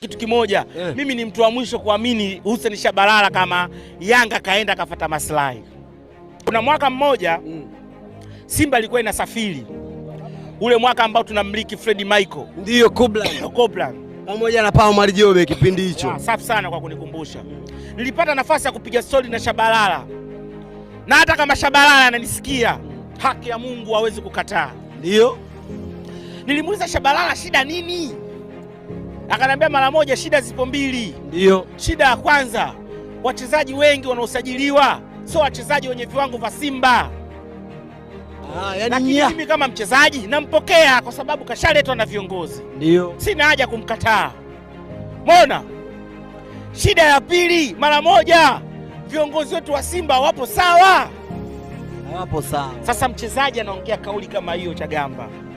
Kitu kimoja yeah. Eh. Mimi ni mtu wa mwisho kuamini Hussein Shabalala kama Yanga kaenda kafata maslahi. Kuna mwaka mmoja mm. Simba ilikuwa inasafiri, ule mwaka ambao tunamiliki Fred Michael, ndio Kobla pamoja na Pao Marijobe kipindi hicho. Ah, safi sana kwa kunikumbusha, nilipata nafasi ya kupiga stori na Shabalala, na hata kama Shabalala ananisikia, haki ya Mungu hawezi kukataa. Ndio nilimuuliza Shabalala, shida nini? akanambia mara moja, shida zipo mbili. Ndio shida ya kwanza, wachezaji wengi wanaosajiliwa sio wachezaji wenye viwango vya Simba. Ah, yani mimi kama mchezaji nampokea kwa sababu kashaletwa na viongozi, ndio sina haja kumkataa. Mona, shida ya pili, mara moja, viongozi wetu wa Simba wapo sawa, wapo sawa. Sasa mchezaji anaongea kauli kama hiyo, Chagamba